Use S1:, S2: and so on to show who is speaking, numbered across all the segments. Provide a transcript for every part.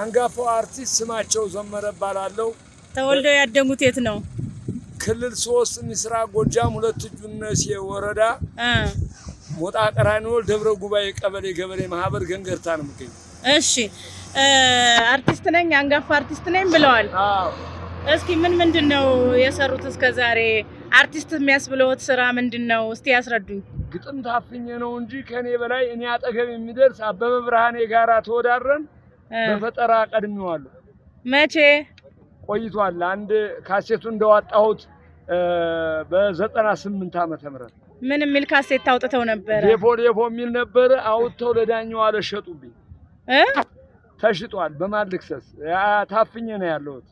S1: አንጋፋው አርቲስት ስማቸው ዘመረ እባላለሁ።
S2: ተወልደው ያደጉት የት ነው?
S1: ክልል ሶስት ምስራቅ ጎጃም ሁለት እጁነሴ ወረዳ ሞጣ ቀራኒወል ደብረ ጉባኤ ቀበሌ ገበሬ ማህበር ገንገርታ ነው የምገኘው።
S2: እሺ አርቲስት ነኝ አንጋፋ አርቲስት ነኝ ብለዋል። እስኪ ምን ምንድን ነው የሰሩት እስከ ዛሬ? አርቲስት የሚያስብለውት ስራ ምንድን ነው? እስቲ ያስረዱኝ።
S1: ግጥም ታፍኜ ነው እንጂ ከኔ በላይ እኔ አጠገብ የሚደርስ አበበ ብርሃኔ ጋራ ተወዳድረን በፈጠራ ቀድሜዋለሁ። መቼ ቆይቷል? አንድ ካሴቱ እንደዋጣሁት በዘጠና ስምንት ዓመተ ምህረት
S2: ምን የሚል ካሴት አውጥተው ነበረ?
S1: ዴፎ ዴፎ የሚል ነበረ። አውጥተው ለዳኛው አለሸጡብኝ። ተሽጧል። በማልክሰስ ታፍኝ ነው ያለሁት።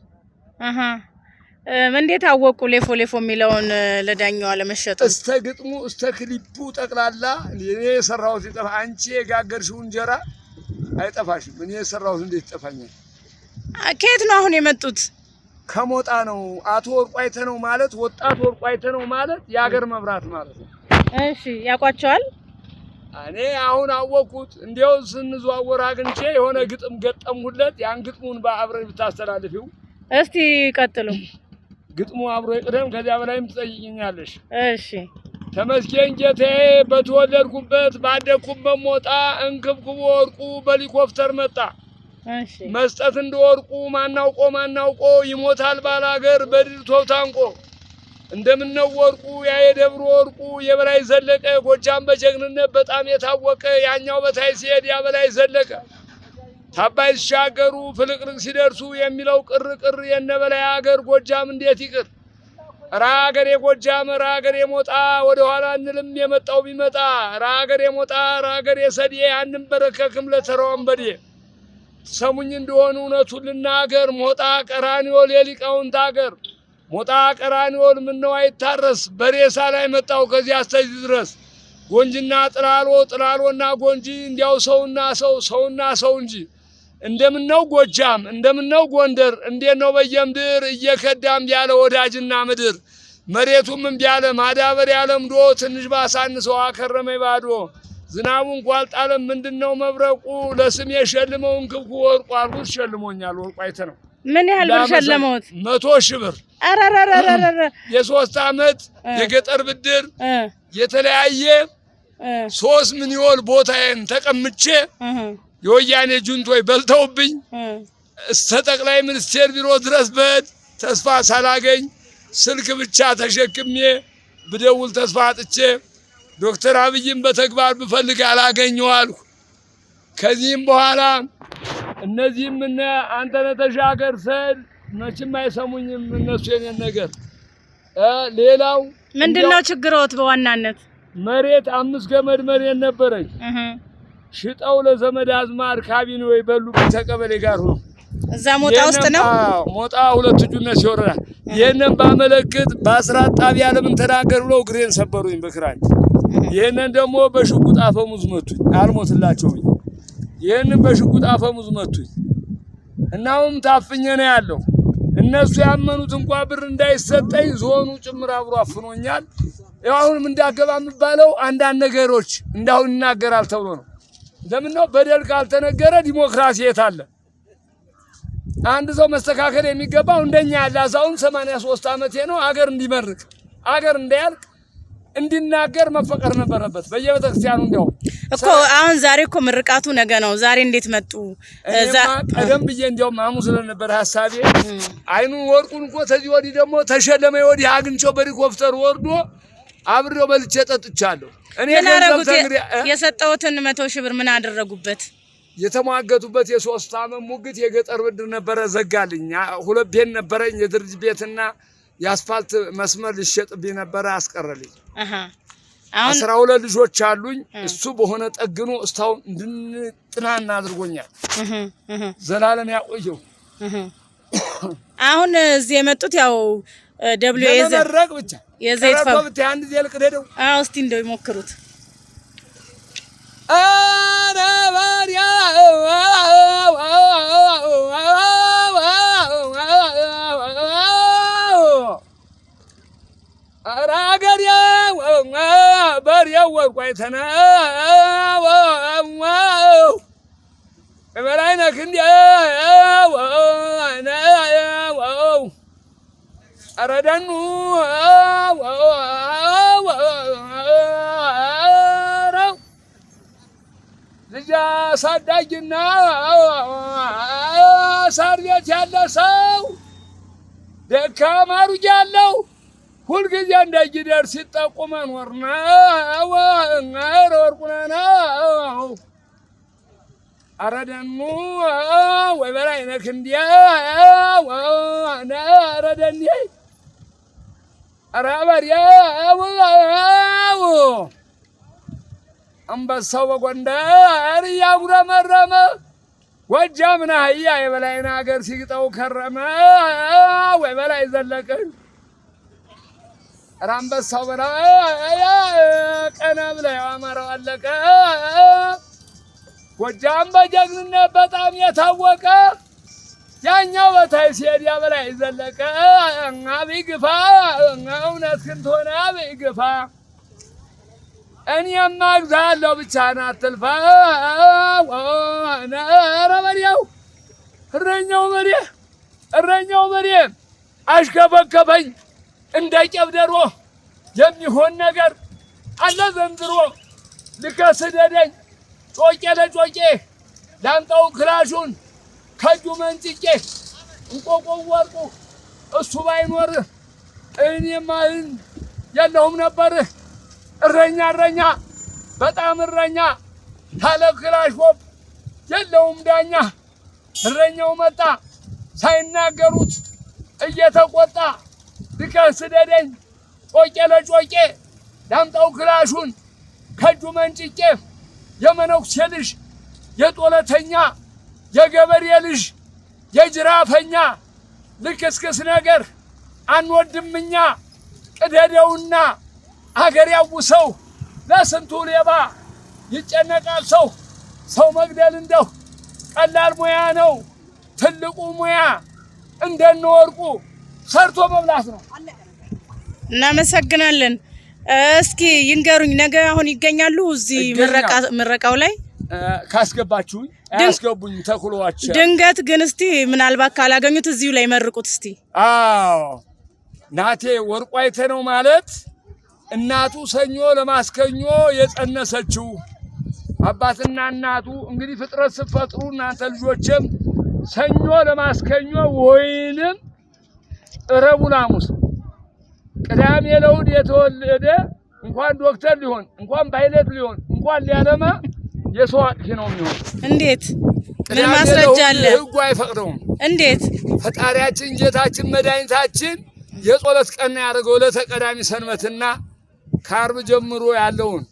S2: እንዴት አወቁ? ሌፎ ሌፎ የሚለውን ለዳኛዋ አለመሸጡ?
S1: እስተ ግጥሙ እስተ ክሊፑ ጠቅላላ እኔ የሰራሁት ይጠፋ አንቺ የጋገርሽው እንጀራ አይጠፋሽም። እኔ የሰራሁት እንዴት ይጠፋኛል?
S2: ከየት ነው አሁን የመጡት?
S1: ከሞጣ ነው። አቶ ወርቁ አይተ ነው ማለት ወጣት ወርቁ አይተ ነው ማለት የሀገር መብራት ማለት
S2: ነው። እሺ ያውቋቸዋል?
S1: እኔ አሁን አወቅኩት። እንዲያው ስንዘዋወር አግኝቼ የሆነ ግጥም ገጠምሁለት። ያን ግጥሙን በአብረን ብታስተላልፊው።
S2: እስቲ ቀጥሉ።
S1: ግጥሙ አብሮ ይቅደም። ከዚያ በላይም ትጠይቅኛለሽ። እሺ ተመስገን ጌታዬ በተወለድኩበት ባደግኩበት ሞጣ እንክብክቦ ወርቁ በሊኮፍተር መጣ። መስጠት እንደ ወርቁ ማናውቆ ማናውቆ ይሞታል ባላገር አገር ታንቆ። እንደምነው ወርቁ ያ የደብሩ ወርቁ የበላይ ዘለቀ ጎጃም በጀግንነት በጣም የታወቀ ያኛው በታይ ሲሄድ ያ በላይ ዘለቀ ታባይ ሲሻገሩ ፍልቅልቅ ሲደርሱ የሚለው ቅር ቅር የነበላይ አገር ጎጃም እንዴት ይቅር ራገር የጎጃም ራገር የሞጣ ወደኋላ እንልም የመጣው ቢመጣ ራገር የሞጣ ራገር የሰዴ አንድም በረከክም ሰሙኝ እንደሆኑ እውነቱን ልናገር ሞጣ ቀራኒዮ የሊቃውንት አገር ሞጣ ቀራኒዮን ምነው አይታረስ በሬሳ ላይ መጣው ከዚህ አስተጅ ድረስ ጎንጅና ጥላሎ ጥላሎና ጎንጂ እንዲያው ሰውና ሰው ሰውና ሰው እንጂ እንደምነው ጎጃም እንደምነው ጎንደር እንዴት ነው በየምድር እየከዳም ያለ ወዳጅና ምድር መሬቱም እምቢ አለ ማዳበሪያ ለምዶ ትንሽ ባሳንሰው አከረመ ባዶ ዝናቡ እንኳ አልጣለም ምንድነው መብረቁ ለስም የሸልመውን ክብኩ ወርቁ አልኩት ሸልሞኛል ወርቁ አይተ ነው
S2: ምን ያህል ብር ሸለመውት
S1: መቶ ሺህ ብር የሶስት አመት የገጠር ብድር የተለያየ ሶስት ቦታ ቦታዬን ተቀምቼ የወያኔ ጁንቶች በልተውብኝ እስከ ጠቅላይ ሚኒስቴር ቢሮ ድረስ በህድ ተስፋ ሳላገኝ ስልክ ብቻ ተሸክሜ ብደውል ተስፋ አጥቼ ዶክተር አብይን በተግባር ብፈልግ አላገኘዋልሁ። ከዚህም በኋላ እነዚህም እነ አንተነህ ተሻገር ሰል መቼም አይሰሙኝም እነሱ የኔን ነገር። ሌላው
S2: ምንድን ነው ችግሮት በዋናነት
S1: መሬት አምስት ገመድ መሬት ነበረኝ ሽጠው ለዘመድ አዝማር ካቢኔ ወይ በሉ ተቀበሌ ጋር ሆኖ
S2: እዛ ሞጣ ውስጥ ነው።
S1: ሞጣ ሁለት እጁነት ይወረዳል። ይህንን ባመለክት በአስራት ጣቢያ ለምን ተናገር ብለው እግሬን ሰበሩኝ በክራንች። ይህንን ደግሞ በሽጉጥ አፈሙዝ መቱኝ። አልሞትላቸውኝ። ይህንን በሽጉጥ አፈሙዝ መቱኝ። እናውም ታፍኘ ነው ያለው። እነሱ ያመኑት እንኳ ብር እንዳይሰጠኝ ዞኑ ጭምር አብሮ አፍኖኛል። ያው አሁንም እንዳገባ የምባለው አንዳንድ ነገሮች እንዳሁን ይናገራል ተብሎ ነው ለምን ነው በደል ካልተነገረ ዲሞክራሲ የት አለ? አንድ ሰው መስተካከል የሚገባው እንደኛ ያለ አዛውንት 83 ዓመቴ ነው። አገር እንዲመርቅ አገር እንዳያልቅ እንዲናገር መፈቀር ነበረበት በየቤተ ክርስቲያኑ። እንዲያውም
S2: እኮ አሁን ዛሬ እኮ ምርቃቱ ነገ ነው። ዛሬ እንዴት መጡ?
S1: ቀደም ብዬ እንዲያውም ሐሙስ ስለነበረ ሀሳቤ አይኑን ወርቁን እኮ ተዚህ ወዲህ ደግሞ ተሸለመ ወዲህ አግኝቼው በሄሊኮፕተር ወርዶ አብሬው በልቼ ጠጥቻለሁ።
S2: እኔ ገንዘብ የሰጠሁትን መቶ ሺህ ብር ምን አደረጉበት?
S1: የተሟገቱበት የሶስት አመት ሙግት የገጠር ብድር ነበረ፣ ዘጋልኝ። ሁለት ቤት ነበረኝ የድርጅት ቤትና የአስፋልት መስመር ሊሸጥብኝ ነበረ፣ አስቀረልኝ። አስራ ሁለት ልጆች አሉኝ። እሱ በሆነ ጠግኖ እስታሁን እንድንጥናና አድርጎኛል። ዘላለም ያቆየው።
S2: አሁን እዚህ የመጡት ያው ደብሎ
S1: ብቻ የዘይት ፋብሪካ
S2: አንድ ዘይል ቅደደው። አዎ እስቲ እንደው ይሞክሩት።
S1: አረ ባሪያ አረ አገሪያ ባሪያ ወቋይተና ወው በላይነህ እንዲያ ረደኑ ልጅ አሳዳጊና ሳር ቤት ያለ ሰው ደካማ ሩጅ ያለው ሁልጊዜ እንዳይደርስ መኖር ነው። ወርቁነነው እንዲያ ረበዲያው አንበሳው በጎንደር እያጉረመረመ ጎጃምን አህያ የበላይን አገር ሲግጠው ከረመ። ወይ በላይ ዘለቀን ራምበሳው በላይ ቀና ብላይ አማራው አለቀ። ጎጃም በጀግንነት በጣም የታወቀ ያኛው በታይ ሲሄድ ያበላይ ዘለቀ እና ቢግፋ እውነት ክንትሆነ ቢግፋ እኔማ እግዛለሁ አትልፋ። ኧረ በሬው እረኛው በሬ እረኛው በሬ እንደ የሚሆን ነገር አለ ዘንድሮ ልከስደደኝ ጮቄ ለጮቄ ላምጣው ክላሹን ከእጁ መንጭቄ እንቆቆው ወርቁ እሱ ባይኖርህ እኔማ የለሁም ነበር እረኛ እረኛ በጣም እረኛ ታለ ክላሾፕ የለውም ዳኛ። እረኛው መጣ ሳይናገሩት እየተቆጣ ልቀህ ስደደኝ ጮቄ ለጮቄ ዳምጣው ክላሹን ከእጁ መንጭቄ የመነኩሴ ልጅ የጦለተኛ የገበሬ ልጅ የጅራፈኛ ልክስክስ ነገር አንወድምኛ ቅደደውና አገር ያውሰው ለስንቱ ሌባ ይጨነቃል ሰው። ሰው መግደል እንደው ቀላል ሙያ ነው ትልቁ ሙያ እንደነወርቁ ሰርቶ መብላት ነው።
S2: እናመሰግናለን። እስኪ ይንገሩኝ ነገ አሁን ይገኛሉ እዚህ ምረቃው ላይ
S1: ካስገባችሁኝ አያስገቡኝ ተኩሏቸው።
S2: ድንገት ግን እስቲ ምናልባት ካላገኙት እዚሁ ላይ መርቁት እስቲ።
S1: አዎ ናቴ ወርቁ አይተ ነው ማለት እናቱ ሰኞ ለማስከኞ የጸነሰችው አባትና እናቱ እንግዲህ ፍጥረት ስትፈጥሩ እናንተ ልጆችም ሰኞ ለማስከኞ ወይንም ረቡዕ ሐሙስ ቅዳሜ ለእሑድ የተወለደ እንኳን ዶክተር ሊሆን እንኳን ፓይለት ሊሆን እንኳን ሊያለማ የሰው አጥፊ ነው የሚሆን።
S2: እንዴት? ምን ማስረጃ አለ?
S1: ህጉ አይፈቅደውም። እንዴት? ፈጣሪያችን ጌታችን መድኃኒታችን የጸሎት ቀን ያደረገው ለተቀዳሚ ሰንበትና ከአርብ ጀምሮ ያለውን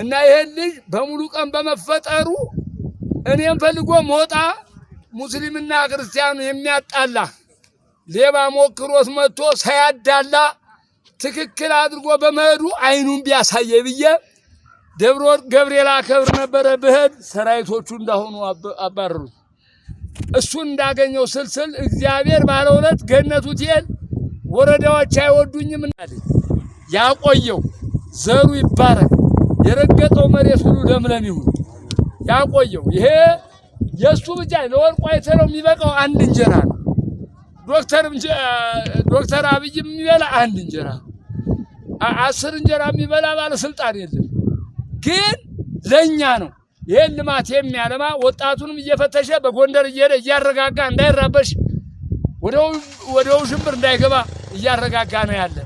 S1: እና ይህን ልጅ በሙሉ ቀን በመፈጠሩ እኔም ፈልጎ ሞጣ ሙስሊምና ክርስቲያኑ የሚያጣላ ሌባ ሞክሮት መጥቶ ሳያዳላ ትክክል አድርጎ በመሄዱ አይኑን ቢያሳየ ብዬ ደብረ ወርቅ ገብርኤል አከብር ነበረ ብሄድ ሰራዊቶቹ እንዳሆኑ አባረሩት። እሱን እንዳገኘው ስልስል እግዚአብሔር ባለውለት ገነቱ ትል ወረዳዎች አይወዱኝም እናል ያቆየው ዘሩ ይባረክ የረገጠው መሬት ሁሉ ለምለም ይሁን ያቆየው። ይሄ የእሱ ብቻ ለወርቁ አይተረው የሚበቃው አንድ እንጀራ ነው። ዶክተር አብይም የሚበላ አንድ እንጀራ ነው። አስር እንጀራ የሚበላ ባለስልጣን የለም። ግን ለእኛ ነው። ይህን ልማት የሚያለማ ወጣቱንም እየፈተሸ በጎንደር እየሄደ እያረጋጋ እንዳይራበሽ ወደ ውዥንብር እንዳይገባ እያረጋጋ ነው ያለ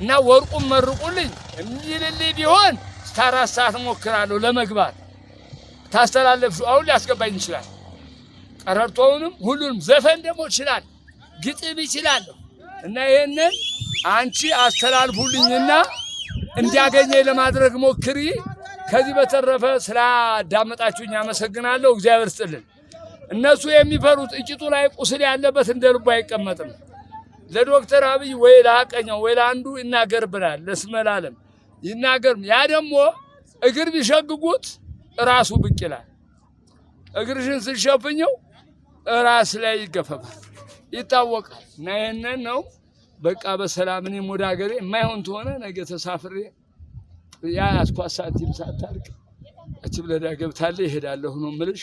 S1: እና ወርቁን መርቁልኝ የሚልልኝ ቢሆን እስከ አራት ሰዓት እሞክራለሁ ለመግባት ታስተላለፍ አሁን ሊያስገባኝ ይችላል። ቀረርቶውንም ሁሉንም ዘፈን ደግሞ ይችላል፣ ግጥም ይችላል እና ይህንን አንቺ አስተላልፉልኝና እንዲያገኘ ለማድረግ ሞክሪ። ከዚህ በተረፈ ስላዳመጣችሁኝ አመሰግናለሁ። እግዚአብሔር ስጥልን። እነሱ የሚፈሩት እቂጡ ላይ ቁስል ያለበት እንደ ልቡ አይቀመጥም። ለዶክተር አብይ ወይ ለሀቀኛው ወይ ለአንዱ ይናገር ይናገርብናል፣ ለስመላለም ይናገር። ያ ደግሞ እግር ቢሸግጉት ራሱ ብቅ ይላል። እግርሽን ስሸፍኘው ራስ ላይ ይገፈፋል፣ ይታወቃል። እና ይህንን ነው በቃ በሰላም እኔም ወደ ሀገሬ የማይሆን ተሆነ ነገ ተሳፍሬ ያ አስኳሳ ቲም ሳታልቅ እችም ለዳ ገብታለ ይሄዳለሁ ነው ምልሽ